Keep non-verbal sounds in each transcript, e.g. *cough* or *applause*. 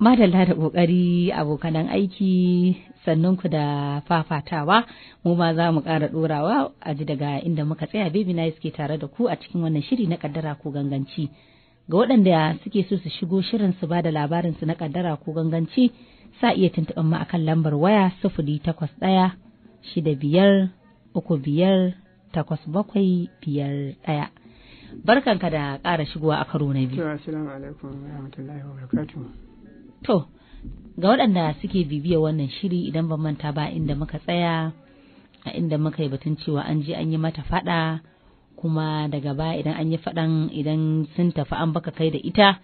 Madalla da ƙoƙari abokanan aiki sannan ku da fafatawa mu ma za mu ƙara ɗorawa a ji daga inda muka tsaya baby na suke tare da ku a cikin wannan shiri na kaddara ko ganganci. Ga waɗanda suke so su shigo shirin su ba da labarin su na ƙaddara ko ganganci sa iya tuntuɓin mu akan lambar waya sufuri takwas ɗaya shida biyar uku biyar takwas bakwai biyar ɗaya. barkanka da ƙara shigowa a karo na biyu. Assalamu alaikum wa rahmatullahi To, ga waɗanda suke bibiya wannan shiri idan ban manta ba inda muka tsaya a inda muka yi batun cewa an je an yi mata faɗa kuma daga baya idan an yi faɗan idan sun tafi an baka kai da ita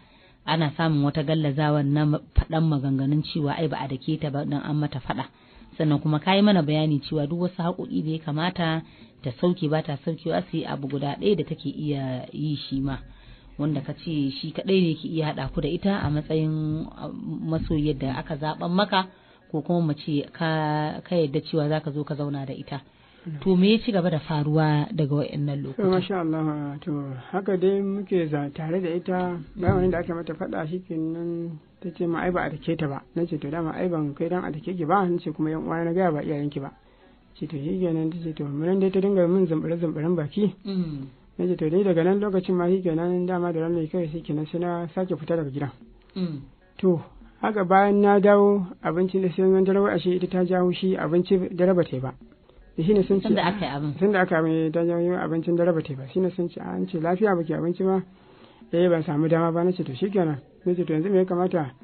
ana samun wata gallazawa na faɗan maganganun cewa ai ba a dake ta ba don an mata faɗa. sannan kuma kayi mana bayani cewa duk wasu haƙoƙi da ya kamata ta sauke ba ta saukewa su sai abu guda ɗaya da take iya yi shi ma wanda ka ce shi kaɗai ne ke iya haɗa ku da ita a matsayin masoyiyar da aka zaɓan maka ko kuma mace ka yadda cewa za ka zo ka zauna da ita mm. to me ya ci gaba da faruwa daga wa'annan lokuta masha Allah to haka dai muke tare da ita bayan wani da aka mata faɗa shi kenan ta ce ma ai ba a take ta ba na ce to dama ai kai dan a take ki ba na ce kuma yan uwa na gaya ba iyayen ki ba ce to shi kenan ta ce to munan dai ta dinga min zamɓare zamɓaren baki na ce to dai daga nan lokacin ma shi dama da ranar kai shi kenan sai na sake fita daga gidan to haka bayan na dawo abincin da sai zan a ashe ita ta jawo shi abinci da raba ta ba da shi ne sun ce sun da aka abin ta jawo abincin da raba ta ba shi ne sun ce an ce lafiya baki abinci ba eh ban samu dama ba na ce to shikenan na ce to yanzu me ya kamata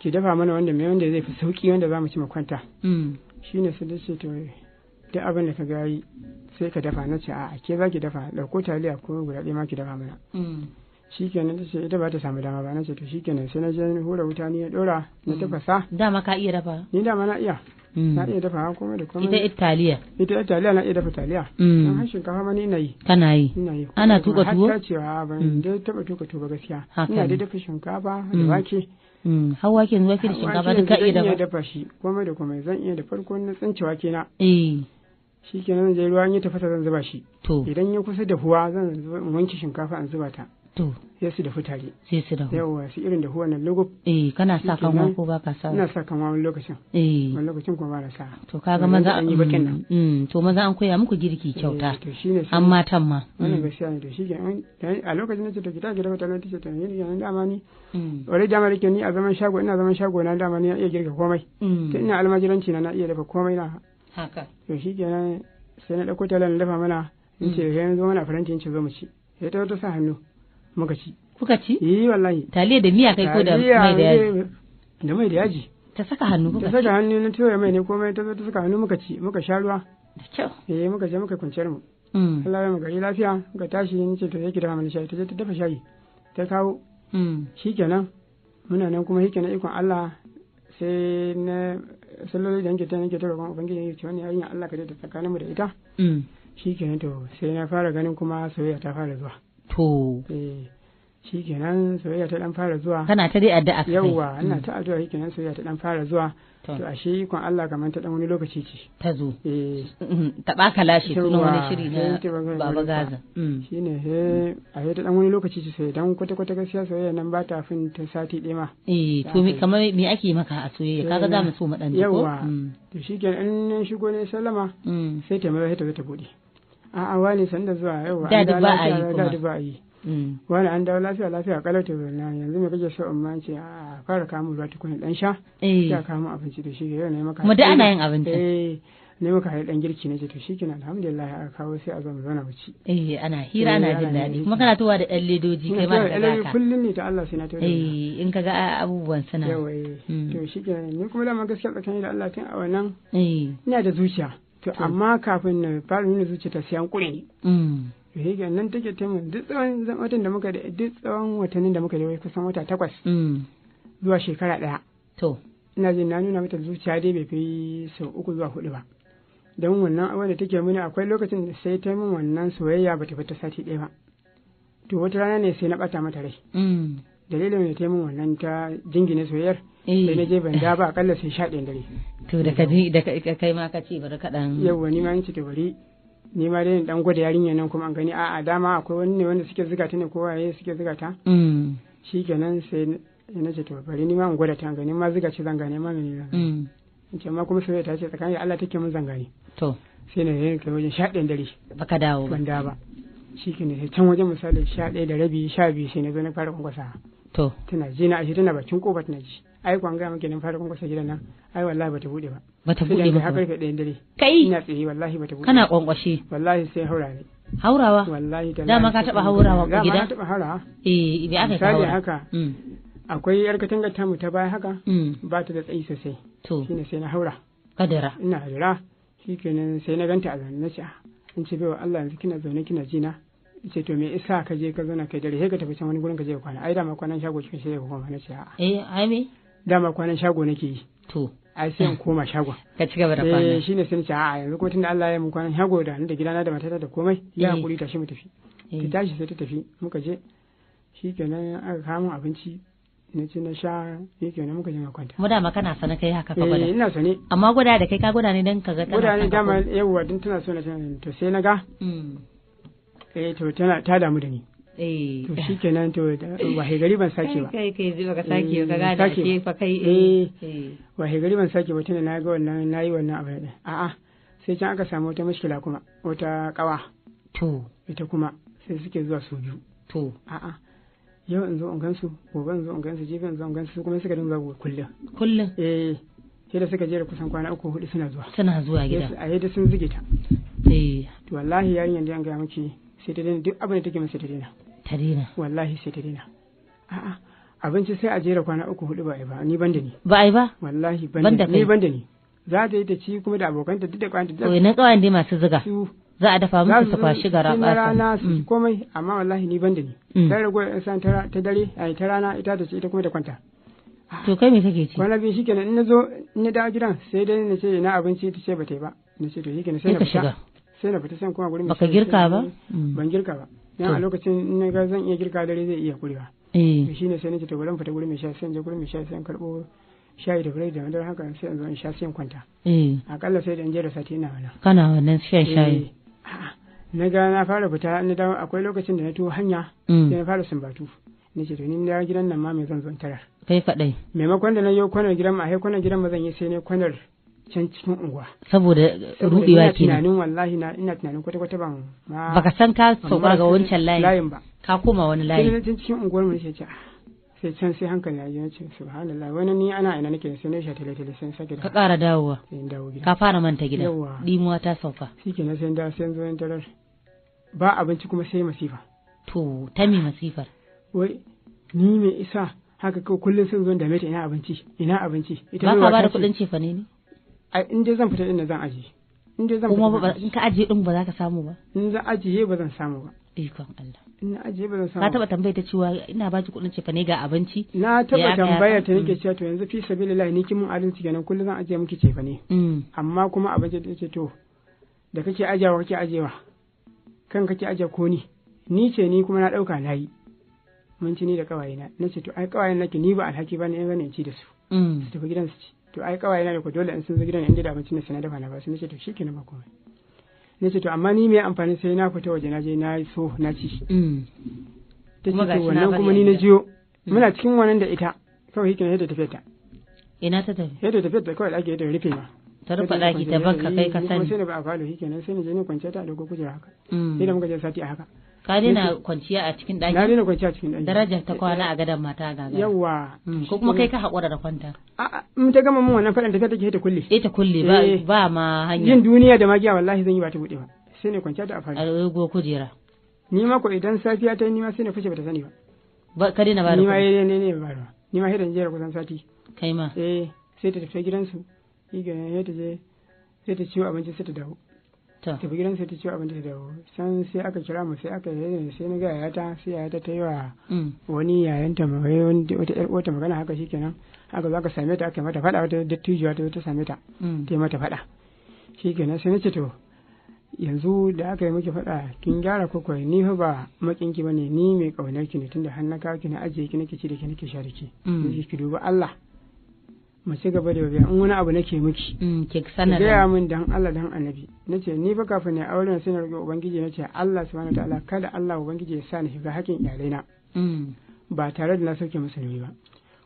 ki dafa mana wanda me wanda zai fi sauki wanda za mu ci mu kwanta mm. shi ne sun ce to duk abin da ka ga yi sai ka dafa na ce a ke za ki dafa ɗauko taliya ko guda ɗaya ma ki dafa mana mm. shi kenan ta ce ita ba ta samu dama ba na ce to shi kenan sai na je hura wuta ni ya ɗora na mm. tafasa dama ka iya dafa ni dama na iya mm. na iya dafa komai da komai ita italiya ita italiya na iya dafa taliya dan har shinkafa ma ni ina yi kana yi ina yi ana tuka tuwo har cewa ban dai taba tuka tuwo gaskiya ina dai dafa shinkafa da wake har wake da wake da shinkafa duka iya dafa zan iya dafa shi komai da komai zan iya da farko na tsince wake na eh shi kenan zai ruwa ya tafasa zan zuba shi to idan ya kusa dahuwa zan wanke shinkafa an zuba ta to sai su dafu tare sai su dafu yawa su irin dahuwa nan lugub eh kana sa kanwa ko ba ka sa ina sa kanwa wani lokacin eh wani lokacin kuma ba sa to kaga maza an yi bakin nan mm, mm to maza an koya muku girki kyauta eh, an matan ma wannan mm. gaskiya ne to shi a lokacin da ta gida gida mutane ta ce ta yin yana dama ni mm. wani dama ke ni a zaman shago ina zaman shago na dama ni na iya girka komai tun ina almajiranci na na iya dafa komai na haka to shi kenan sai na ɗauko talan dafa mana in ce ga mm. yanzu mana faranti in ce zo mu ci sai ta wata sa hannu muka ci kuka ci yi eh, wallahi taliya da miya kai ko da mai da yaji da mai da yaji ta saka hannu kuka ta saka hannu na tiyo mai ne komai ta zo ta saka hannu muka ci muka sha ruwa da kyau eh muka je muka kwanciyar mu mm. Allah ya magari lafiya muka tashi ni ce to yake da mana shayi ta je ta dafa shayi ta kawo mm. shikenan muna nan kuma shikenan ikon Allah sai na sallolin da nke ta nake ta roƙon ubangiji ne ce wani yarinya Allah ka ta tsakanin mu da ita mm. shi kenan to sai na fara ganin kuma soyayya ta fara zuwa to eh. shikenan soyayya ta dan fara zuwa kana ta dai addu'a kai yawa ina mm. ta addu'a shikenan soyayya ta dan fara zuwa to ashe kun Allah kaman ta dan wani lokaci ce ta zo eh ta baka lashe tun wani shiri na baba gaza mm. shine he a ta dan wani lokaci ce sai dan kwata kwata gaskiya soyayya nan ba ta fin ta sati ɗaya ma eh to me kamar me ake maka a soyayya kaga za mu so mu dan ko mm. to shikenan in shigo ne sallama sai ta mai ta ta bude a'a wani sanda zuwa yawa da ba a yi kuma da ba a yi Mm. wani an dawo lafiya lafiya kala ta wani yanzu me kake so in ma ce a fara kamun ruwa tukuni dan sha ya eh. kamun abinci da shi yau ne maka mu da ana yin abinci eh, ne maka haɗa ɗan girki nace to kina alhamdulillah a kawo sai a zama zauna wuce. eh ana hira ana eh, jin daɗi kuma kana tuwa da ɗan ledoji kai ma da ɗan ka kullum ne ta Allah sai na tawo eh in ka ga abubuwan suna yawa mm. to kina ni kuma da ma gaskiya tsakani da Allah tun a wannan ina da zuciya to amma kafin na fara nuna zuciya ta siyan kuɗi biyayya eh, nan take taimaka duk tsawon watan da muka duk tsawon watannin da muka da kusan wata takwas mm. zuwa shekara ɗaya to ina jin na nuna mata zuciya dai bai fi sau uku zuwa hudu ba don wannan abin da take mini akwai lokacin da sai ta min wannan soyayya bata fita sati ɗaya ba to wata rana ne sai na ɓata mata rai mm. dalilin da ta min wannan ta jingine soyayyar sai eh. na je ban da ba akalla sai sha ɗaya dare to da ka kai ma ka ce bari kaɗan yawwa ni ma in ci ta bari ni ma dai dan gwada yarinya nan kuma an gani a'a dama akwai wani ne wanda suke zigata ne ko waye suke zuga ta mm. shikenan sai na nace to bari ni ma in gwada ta gani ma zuga ce zangane ma mene mm. ce ma kuma sai ta ce tsakanin Allah take mun zangane to sai na yi kai wajen sha dare baka dawo ban da ba shikenan sai can wajen misali sha ɗaya da rabi sha biyu sai na zo na fara kwasa to tana ji na ashe tana bakin kofa tana ji ai kwan ga maka nan fara kwankwasa gidan nan ai wallahi bata bude ba bata bude ba har karfe 1 dare kai ina tsaye wallahi bata bude kana kwankwashe wallahi sai haura ne haurawa wallahi dama ka taba haurawa ga gida dama taba eh, haura eh bi aka sai haka mm. akwai yar katangar tamu ta baya haka mm. ba ta da tsayi sosai to shine sai na haura kadara ina jira shikenan sai na ganta a zaune na ce in ah, ce bai wa Allah yanzu kina zaune kina jina ce to me isa ka je ka zana kai dare sai ka tafi can wani gurin ka je kwana ai dama kwanan shago cikin sai ka koma na ce a'a eh ai me dama kwanan shago nake yi to ai sai in koma shago. *laughs* ka ci gaba da kwana eh shine sai ce a'a yanzu kuma tunda Allah ya mu kwanan shago da da gidana da matata da komai ya eh. hakuri tashi mu tafi ta eh. tashi sai ta tafi muka je shikenan aka kawo abinci na ci na sha ne ke muka jima kwanta. Mu dama kana sane kai haka ka gwada. Eh, ina sane. Amma gwada da kai ka gwada ne don ka ga tana. Gwada ne dama yawa din tana so na tana to sai na ga. Mm. Eh, to tana ta damu da ni eh. to shi kenan to wahai gari ban sake ba kai kai ji ka sake ba ka eh, gada ke fa kai eh wahai gari ban sake ba tunda na ga wannan nayi wannan abu da a'a sai can aka samu wata mushkila kuma wata kawa to ita kuma sai suke zuwa su biyu to a'a yau in zo in gansu gobe in zo in gansu jibi in zo in gansu kuma suka dinga zuwa kullum kullum eh sai da suka jera kusan kwana uku hudu suna zuwa suna zuwa gida a yadda sun zige ta eh to wallahi yarinyar da an ga miki sitirina duk abin da take min sitirina. Tarina. wallahi sitirina. a'a abinci sai a jera kwana uku hudu ba ai ba ni ban da ni ba ai ba wallahi ban da ni ban da ni za ta yi ta ci kuma da abokanta duk da kwanta duk na kawayen dai masu zuga za a dafa musu su kwashi gara ba rana su mm. komai amma wallahi ni ban da ni sai mm. rago san ta dare ai ta rana ita ta ci ita kuma da kwanta to kai me kake ci kwana biyu shikenan in nazo in na dawo gidan sai dai na ce ina abinci ta ce ba ta yi ba na ce to shikenan sai na fita sai na fita san kuma gurin baka girka ba mm. ban girka ba dan a lokacin in ga zan iya girka dare zai iya kurewa eh shine sai nake to bari fita gurin mai shayi sai je gurin mai shayi sai karbo shayi da biredi da madara haka sai in zo in sha sai in kwanta eh akalla sai dan je da sati ina wannan kana wannan shan eh. shayi na ga na fara fita ni dawo akwai lokacin da na tuwo hanya mm. sai na fara sumbatu na ce to ni na gidan nan ma mai zan zon tarar kai kadai maimakon da na yi kwanar gidan ma sai kwanar gidan ma zan yi sai ne kwanar can cikin unguwa saboda rudewa ke tunanin wallahi na ina tunanin kwata kwata ban Ba ka san ka saukar ga wancan layin ba ka koma wani layin sai can cikin unguwar mu sai sai can sai hankali ya ji ce subhanallah wani ni ana ina nake sai na sha tele tele sai sake ka kara dawowa ka fara manta gida dimuwa ta sauka shikenan sai da sai zo tarar ba abinci kuma sai masifa to ta me masifar wai ni me isa haka kawai kullum sun zo da mai ina abinci ina abinci ita ba ka ba da kuɗin cefane ne in dai zan fita din zan aje in dai zan kuma ba in ka ajiye din ba za ka samu ba in zan ajiye ba zan samu ba ikon Allah in na ajiye ba zan samu ka taba tambaye ta cewa ina ba ki kudin cefa ne ga abinci na taba tambaya ta nake mm. cewa to yanzu fi sabilillahi ni kin mun adalci kenan kullum zan aje miki cefa ne mm. amma kuma abinci da yake to da kake ajawa kake ajewa kan kake aje ko ni ni ce ni kuma na dauka nayi mun ci ni da kawayena nace to ai kawayen nake ni ba alhaki ba ne ci da su mm. su tafi gidan su ci to ai kawai na da ku dole in sun zo gidan inda da abincin da sai na dafa na ba su nace to shi kenan ba komai nace to amma ni me amfani sai na fita waje na je na yi so na ci mm. ta ce to wannan kuma ni na jiyo mm. muna cikin wannan da ita kawai shikenan yadda tafiya ta ina ta tafi yadda tafiya ta kawai ake yadda rufe ma ta rufe daki ta banka kai ka sani sai na ba a falo shi kenan sai na je ni kwance ta a dogo kujera haka mm. sai da muka je sati a haka ka a cikin ɗaki na dina kwanciya a cikin ɗaki daraja ta kwana a gadon mata gaga yawa hmm, ko kuma mm. kai ka haƙura kwanta a in ta gama faɗan ta ta kulle eh kulle eh. ba ma hanya zan yi ba sai ne kwanciya ta a fari kujera ni ma ko idan safiya ta ni ma sai ne fashe ba ba ka eh, ba ni ma ne ne ba ni sati kai ma eh sai ta tafi gidansu ta je sai ta ciwo abinci sai ta dawo tafi sai ta ce abin da dawo san sai aka kira mu sai aka yi sai na ga yayata sai yayata ta yi wa mm. wani yayanta wata yar uwata magana haka shikenan aka za ka same ta aka mata fada wata dattijuwa ta ta same ta mm. ta yi mata fada shikenan sai na ce to yanzu da aka yi miki fada kin gyara kwakwai ni fa ba makinki bane ni mai kaunar ki ne tunda har na kawo ki na ajiye ki nake ci da ki nake sha da mm. ki ki duba Allah mu ci gaba da biya in wani abu nake miki mm, ki sanar gaya min dan Allah dan annabi nace ni fa kafin ne auren sai na roƙi ubangiji nace Allah subhanahu wataala kada Allah ubangiji ya sa ni shiga iyalai iyalaina mm. ba tare da na sauke musulmi ba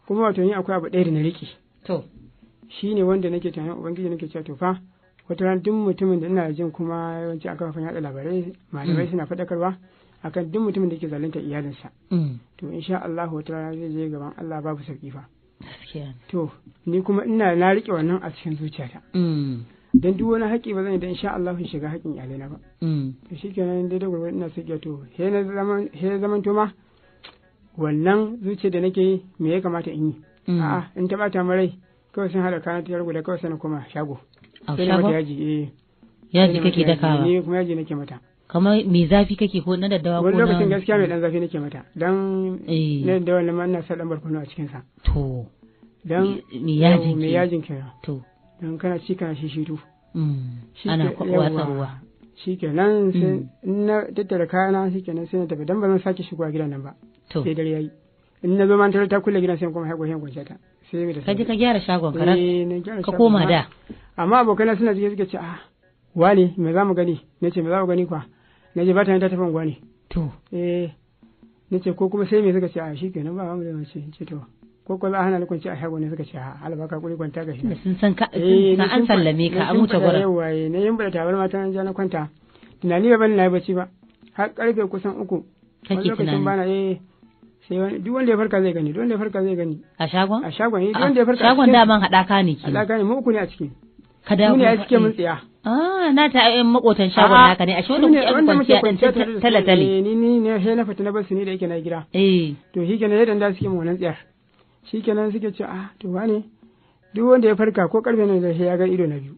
kuma wato ni akwai abu ɗaya da na riƙe to shine wanda nake tunanin ubangiji nake cewa to fa wata ran duk mutumin da ina jin kuma yawanci a kafafen yaɗa labarai malamai mm. suna faɗakarwa akan duk mutumin da yake zalunta iyalinsa to insha Allah wata rana zai je gaban Allah babu sauki fa kenan to ni kuma ina na rike wannan a cikin zuciyata mm. dan duk wani haƙi ba zan idan insha Allah in shiga haƙin iyalai na ba mm. to shikenan dai da gurbin ina sake to he na zaman he zaman to ma wannan zuciya da nake me ya kamata in yi mm. a'a in ta bata marai kawai sun hada kana tiyar guda kawai sai kuma shago sai na mata yaji eh yaji kake dakawa ni kuma yaji nake mata kamar me zafi kake ko na daddawa ko na wani lokacin gaskiya mai dan zafi nake mata dan eh. na daddawa na ma ina sa dan barkono a cikin sa to dan mai yajin ke to dan kana ci kana mm. shi shiru ana kwakwasa ruwa shi nan sai mm. na tattara kayana shi kenan sai na tafi dan ba zan sake shigowa gidan nan ba sai dare yayi in na zo man ta kulle gidan sai kuma haihuwa haihuwa jata sai mi da ka ka gyara shagon ka eh, ka koma da amma abokan suna je suka ce ah wani me za mu gani nace me za mu gani kwa nace ba ta ta tafan gwani to eh nace ko kuma sai me suka ce a ah, shikenan ba mu da mace ce to ko ko za a hana ni a shago ne suka ce ha albaka kuri kwanta ga shi sun san ka eh, an sallame ka a mutu gurin yawa ne eh, yin bada tabar mata na ja na kwanta tunani ba bani na yi bacci ba har karfe kusan uku wani lokacin bana eh sai wani duk wanda ya farka zai gani duk wanda ya farka zai gani a shagon a shagon eh duk wanda ya farka shagon hada ka ne ki hadaka ne mu uku ne a cikin ka mu. ne a cikin mun tsaya ah na ta ayyan eh, makotan shagon naka ne a shi wanda kuke kwanciya din talatale ni ni ne sai na fita na bar su ne da yake na gida eh to shi kenan yadda da suke mu wannan tsiyar shikenan suke ce a ah, to wane duk wanda ya farka ko karfe na da ya ga ido na biyu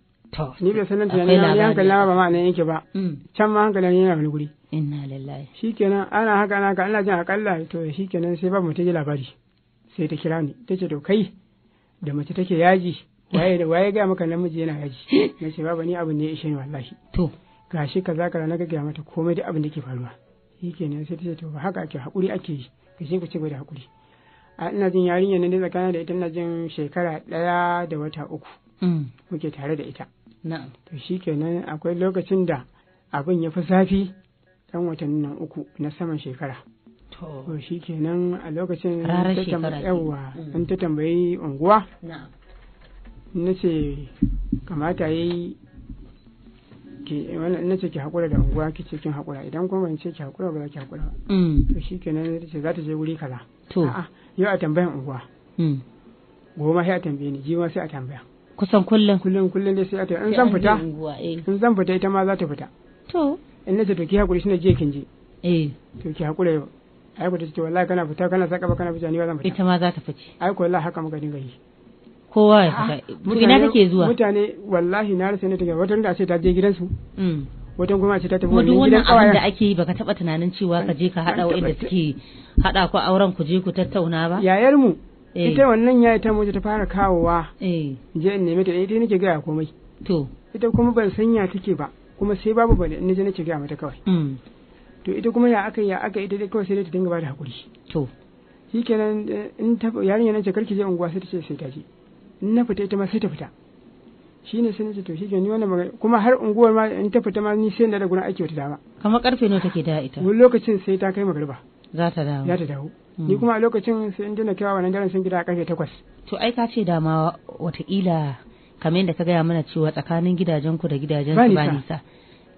ni bai sanin tunanin ni hankali na ba ma nan yanke ba mm. can ma hankali ne yana wani guri inna lillahi shikenan ana haka ana haka ana jin akalla to kenan sai ba mu ta ji labari sai ta kira ni ta ce to kai da mace take yaji waye da waye ga maka namiji yana yaji *laughs* na ce baba ni abu ne ya ishe ni wallahi to gashi ka rana na ga mata komai da abin da ke faruwa kenan sai ta ce to haka ake hakuri ake yi ka ce ku ci gaba da hakuri a ina jin yarinya ne tsakanin da ita ina jin shekara ɗaya da wata uku mm. muke tare da ita to shi kenan akwai lokacin da abin ya fi zafi ɗan watanni nan uku na saman shekara to shi kenan a lokacin yawa in mm. ta tambayi unguwa na ce kamata yi Ke wannan ce ki hakura da unguwa ki ce kin hakura idan kuma ban ce ki hakura ba za ki hakura mm. to shikenan ce za ta je wuri kaza to a'a yau a tambayan unguwa mm. gobe ma sai a tambaye ni jima sai a tambaya kusan kullum kullum kullum dai sai a tambaya in zan fita eh. in zan fita ita ma za ta fita to in nace to ki hakuri shine je kin je eh to ki hakura yau ai ku ta ce wallahi kana fita kana saka ba kana fita ni ba zan fita ita ma za ta fice ai ko wallahi haka muka dinga yi kowa ya ah, fita ina take zuwa mutane wallahi na rasa ne take wata da ce ta je gidansu mm. wata kuma ce ta tafi wani gidan kawai da ake yi baka taba tunanin cewa ka je ka hada wa'anda suke hada ku auren ku je ku tattauna ba yayar mu eh. ita wannan yayi ta mota ta fara kawowa eh. je in neme ta ita nake gaya komai to ita kuma ban sanya take ba kuma sai babu bane in je nake gaya mata kawai mm. to ita kuma ya aka ya aka ita dai kawai sai ta dinga ba da hakuri to shikenan eh, in ta yarinya nace karki je unguwa sai ta ce sai ta je in na fita ita ma sai ta fita shi ne sai na ce to shi ni wannan magana kuma har unguwar ma in ta fita ma ni sai na da gurin aiki wata dama kamar karfe nawa take da ita wani lokacin sai ta kai magariba za ta dawo za ta dawo hmm. ni kuma a lokacin sai in dina kaiwa wannan daren sun gida a karfe takwas to ai ka ce dama watakila kamar yadda ka gaya mana cewa tsakanin gidajen ku da gidajen su ba nisa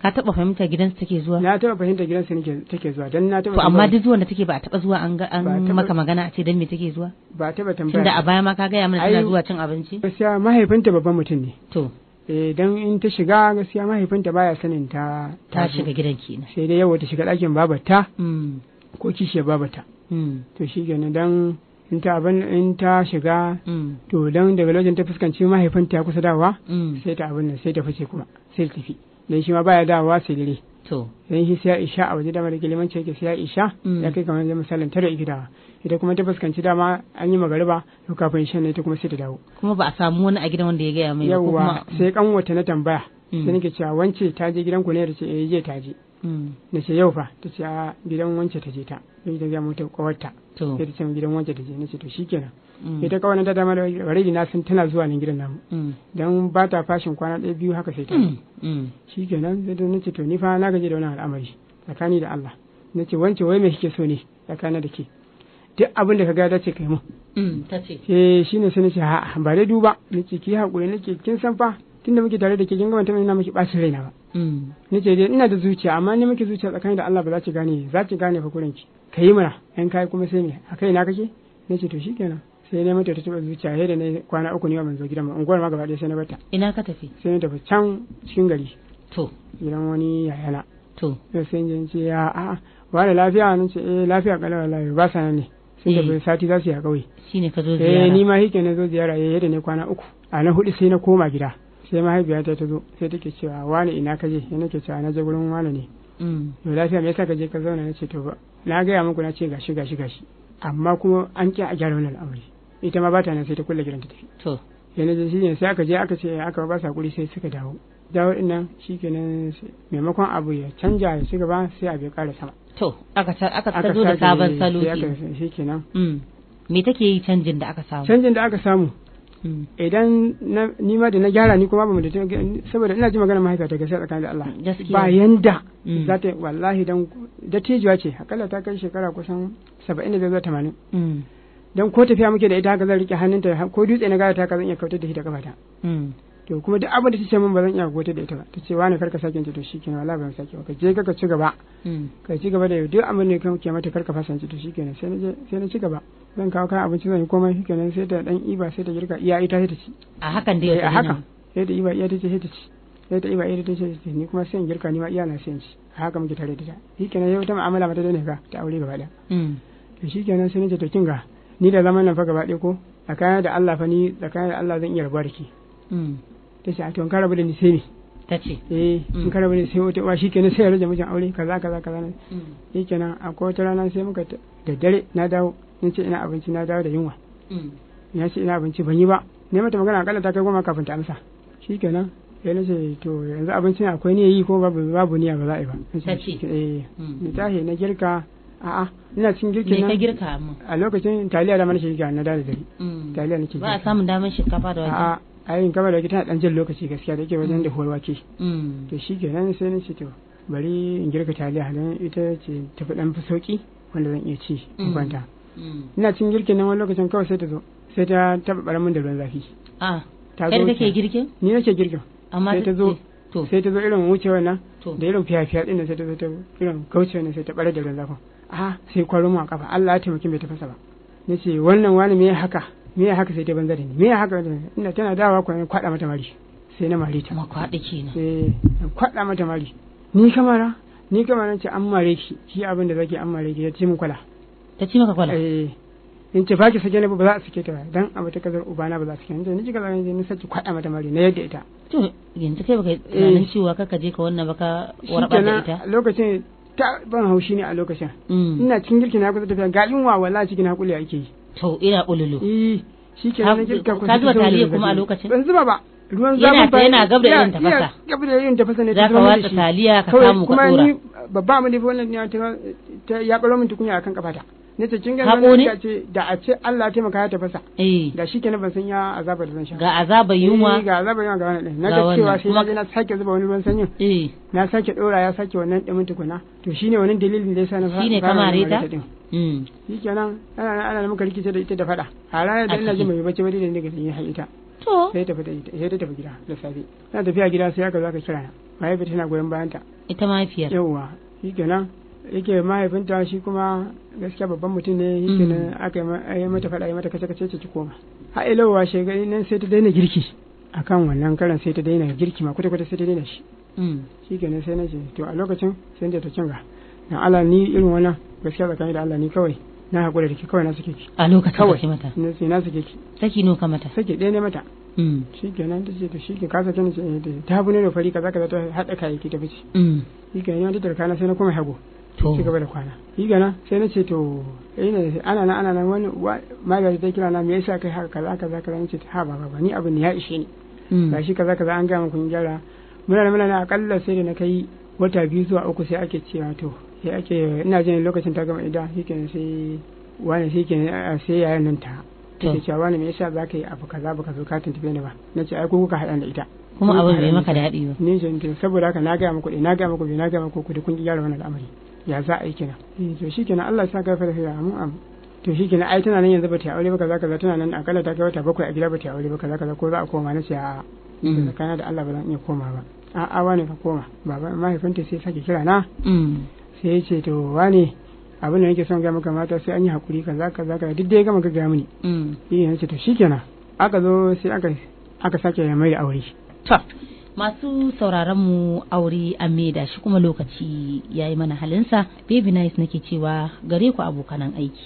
ka taba fahimta su take zuwa na taba fahimta su nake take zuwa dan na taba to amma duk zuwan da take ba a taba zuwa an ga an maka magana a ce dan me take zuwa ba taba tambaya tunda a baya ma ka ga ya mana tana zuwa cin abinci gaskiya mahaifinta babban mutum ne to eh dan in ta shiga gaskiya mahaifinta baya sanin ta ta shiga gidan kenan sai dai yau ta shiga ɗakin babata hmm. ko kishiyar babata hmm. to shi kenan dan in ta abin in ta shiga hmm. to dan daga lokacin ta fuskanci mahaifinta ya kusa dawa sai ta abin sai ta fice kuma sai ta tafi dan shi ma baya dawa wa gire to dan shi sai isha a waje dama da gilimanci yake sai isha mm. ya kai kamar misalin tare gidawa idan kuma ta fuskanci dama an yi magariba to kafin shan ne ta kuma sai ta dawo kuma ba a samu wani a gidan wanda ya gaya mai yawa sai kan wata na tambaya mm. sai nake cewa wance ta je gidan ku ne da ce eh je ta je mm. na ce yau fa ta ce a gidan wance ta je ta sai ta ga mata kawarta sai ta ce gidan wance ta je na ce to shikenan Mm. ita kawai ta dama da wari na sun tana zuwa nan gidan namu mm. dan ba ta fashin kwana ɗaya biyu haka sai ta mm. shi kenan sai na ce to ni fa na gaji da wannan al'amari tsakani da Allah na ce wance wai me kike so ne tsakanin da ke duk abin da ka gada ce kai mu ta ce eh shine sai na ce a'a ba dai duba na ce ki hakuri ce kin san fa tunda muke tare da ke kin ga mutum yana muke bacin raina ba na ce dai ina da zuciya amma ni muke zuciya tsakanin da Allah ba za ki gane za ki gane fa kurinki mana yan kai kuma sai me akai na kake na ce to kenan sai dai mata ta taba zuciya sai da na kwana uku ne wa manzo gidan ba unguwar ma gaba ɗaya sai na bata ina ka tafi sai na tafi can cikin gari to gidan wani yayana to sai in ce ya ba wani lafiya nan ce eh lafiya kala wala ba sa ne sun tafi eh. sati za su ya kauye ne ka zo eh, ziyara ni ma hike na zo ziyara eh yadda ne kwana uku a na hudu sai na koma gida sai mahaifiyata ta zo sai take cewa wani ina ka je sai ke cewa na je gurin wani ne mm. to lafiya me yasa ka je ka zauna na ce to ba na gaya muku na ce gashi gashi gashi amma kuma an ƙi a gyara wani al'amari ita ma bata nan sai ta kulle gidan ta tafi to yanzu shi ne sai aka je aka ce aka ba sa hakuri sai suka dawo dawo din nan shikenan maimakon abu ya canja ya ci gaba sai abu ya ƙara sama to aka aka zo da sabon salo shikenan mm. me take yi canjin da aka samu canjin da aka samu mm. idan ni ma da na gyara ni kuma ba mu da saboda ina ji magana mahaifa ta gaskiya tsakanin da Allah ba yanda mm. za ta wallahi dan dattijuwa ce akalla ta kai shekara kusan 75 zuwa 80 don ko tafiya muke da ita haka zan rike hannunta ko dutse na gaya ta haka zan iya kautar da shi da ta hmm. to kuma duk abin da tace min ba zan iya kautar da ita ba tace wani karka sake ta to shikenan wallahi ban sake ba ka je ka ci gaba hmm. ka ci gaba da duk abin da kake mata karka fasance to shikenan sai na sai na ci gaba zan kawo kan abinci zan yi komai shikenan sai ta dan iba sai ta girka iya ita sai ta ci a hakan dai eh, a hakan sai ta iba iya ta ce sai ta ci sai ta iba iya ta ce ni kuma sai in girka ni ma iya na sai in ci a haka muke tare da ta shikenan yau ta mu'amala mata da ne ka ta aure gaba da hmm. to shikenan sai na ce to kinga ni da zaman nan fa gaba ɗaya ko tsakanin da Allah fa ni tsakanin da Allah zan iya rabuwa da ke mm. ta ce a to in rabu da ni sai ne ta ce eh mm. in kara rabu da sai wata uwa shikenan sai rage mijin aure kaza kaza kaza ne mm. shikenan akwai wata rana sai muka da dare na dawo in ce ina abinci na dawo da yunwa ya ce ina abinci ban yi ba ne mata magana akalla ta kai goma kafin ta amsa shikenan sai na ce to yanzu abincin akwai ne yi ko babu babu niyya ba za a yi ba ta ce eh ta na girka a'a ina cin girki na me ka girka mu a lokacin taliya da mana ga na da dare taliya nake ba a samun damar shinkafa da wake a'a ayin kamar da tana dan jin lokaci gaskiya da yake wajen mm. da huwar wake mm. to shi nan sai na ce to bari in girka taliya don ita ce tafi dan fi sauki wanda zan iya ci in mm. kwanta ina cin girkin na wani lokacin kawai sai ta zo sai ta taba taɓa min da ruwan zafi a ah, ta zo kake girkin ni nake girkin amma sai ta zo sai ta zo irin wucewa na da irin fiya-fiya din sai ta zo ta irin kaucewa sai ta bare da ruwan zafin a sai kwaro mu a kafa Allah ya taimake bai tafasa ba nace wannan wani me haka me haka sai ta banzare da ni me haka ina tana dawa kwarin kwada mata mari sai na mare ta ma kwada kenan eh kwada mata mari ni kamara ni kamara ce an mare shi shi abin da zake an mare shi ya ce mu kwala ta ce maka kwala eh in ce ba ki sake ne ba za a sake ta ba dan abu ta kazar ubana ba za a sake ni ji kaza ne ni saki kwada mata mari na yadda ita to yanzu kai baka eh. tunanin cewa kaka je ka wannan baka warba da ita lokacin ta ban haushi ne a lokacin mm. ina cikin girki na kusa tafiya ga wa wala cikin hakuli ake yi to ina ululu eh shi ke nan girka kusa ka zuba taliya kuma a lokacin ban zuba ba ruwan zafi ba yana gab da yin tafasa gab da yin tafasa ne zaka watsa taliya ka samu ka dora kuma ni babba mu ne wannan ya ta ya baro min tukunya akan kafata ne ta kinga nan ka ce da a ce Allah ya taimaka ya tafasa eh. da shi kenan ban san ya azaba da zan sha ga azaba yunwa eh, ga azaba yunwa ga wannan na ga cewa shi na na sake zuba wani ruwan sanyin eh. na sake dora ya sake wannan dimin tukuna to shine wannan dalilin da yasa na fara shine kamar ita mm. shi kenan ana ana muka rikice da ita da fada a ranar da ina jin mai bacci bari da ni ga sanyi har ita to sai ta da ita sai ta tafi gida da safe na tafiya gida sai aka zaka kira na mahaifiyar tana goyon bayanta ita mahaifiyar yawwa shi kenan yake mahaifinta shi kuma gaskiya babban mutum ne yake nan mm. aka yi mata faɗa yi mata kace kace ce ki koma ha ilawa shi nan sai ta daina girki akan wannan karan sai ta daina girki ma kwata kwata sai ta daina shi mm. shi ke nan sai na ce to a lokacin sai ta ga na Allah ni irin wannan gaskiya tsakani da Allah ni kawai na haƙura da ki kawai na suke ki a lokacin kawai mata na sai na suke ki saki no ka mata saki ɗaya mata mm. shi ke nan ta ce to shi ke kasa ce eh, ta bu ne da fari kaza kaza ta haɗa kayayyaki ta fice shi nan ta na sai na kuma hago to ci gaba da kwana yi gana sai na ce to ina eh, ana na ana na wani magari ta kira na me yasa kai haka kaza kaza kaza ni ce ha ba ba ni abin ya ishe ni hmm. shi kaza kaza an ga mun kun gyara muna da muna nan akalla sai da na kai wata biyu zuwa uku sai ake cewa to sai ake ina jin lokacin ta gama ida kenan sai wani kenan sai yayin nan ta take cewa wani me yasa zaka yi abu kaza baka zo ka tuntube ni ba ce ai ko kuka haɗa da ita kuma abin bai maka daɗi ba ni jin saboda haka na ga muku eh, na ga muku na ga muku ku kun kun gyara wannan al'amari ya za a yi kina eh, to shi kenan Allah sa gafara ya mu am to shi kenan ai tana nan yanzu ba ta aure ba kaza kaza tana nan akalla ta kai wata bakwai a gida ba ta aure ba kaza kaza ko za a koma na ce a mm. kana da Allah ba zan iya koma ba a a'a wane ka koma baba mahaifinta sai sake kira na mm. sai ya ce to wane abin da nake son ga maka mata sai an yi hakuri kaza kaza kaza duk da ya gama gaggaya mini mm. shi ne ce to shi shikenan aka zo sai aka aka sake mai aure masu sauraron mu aure an da shi kuma lokaci yayi mana halinsa baby nice nake cewa gare ku abokanan aiki.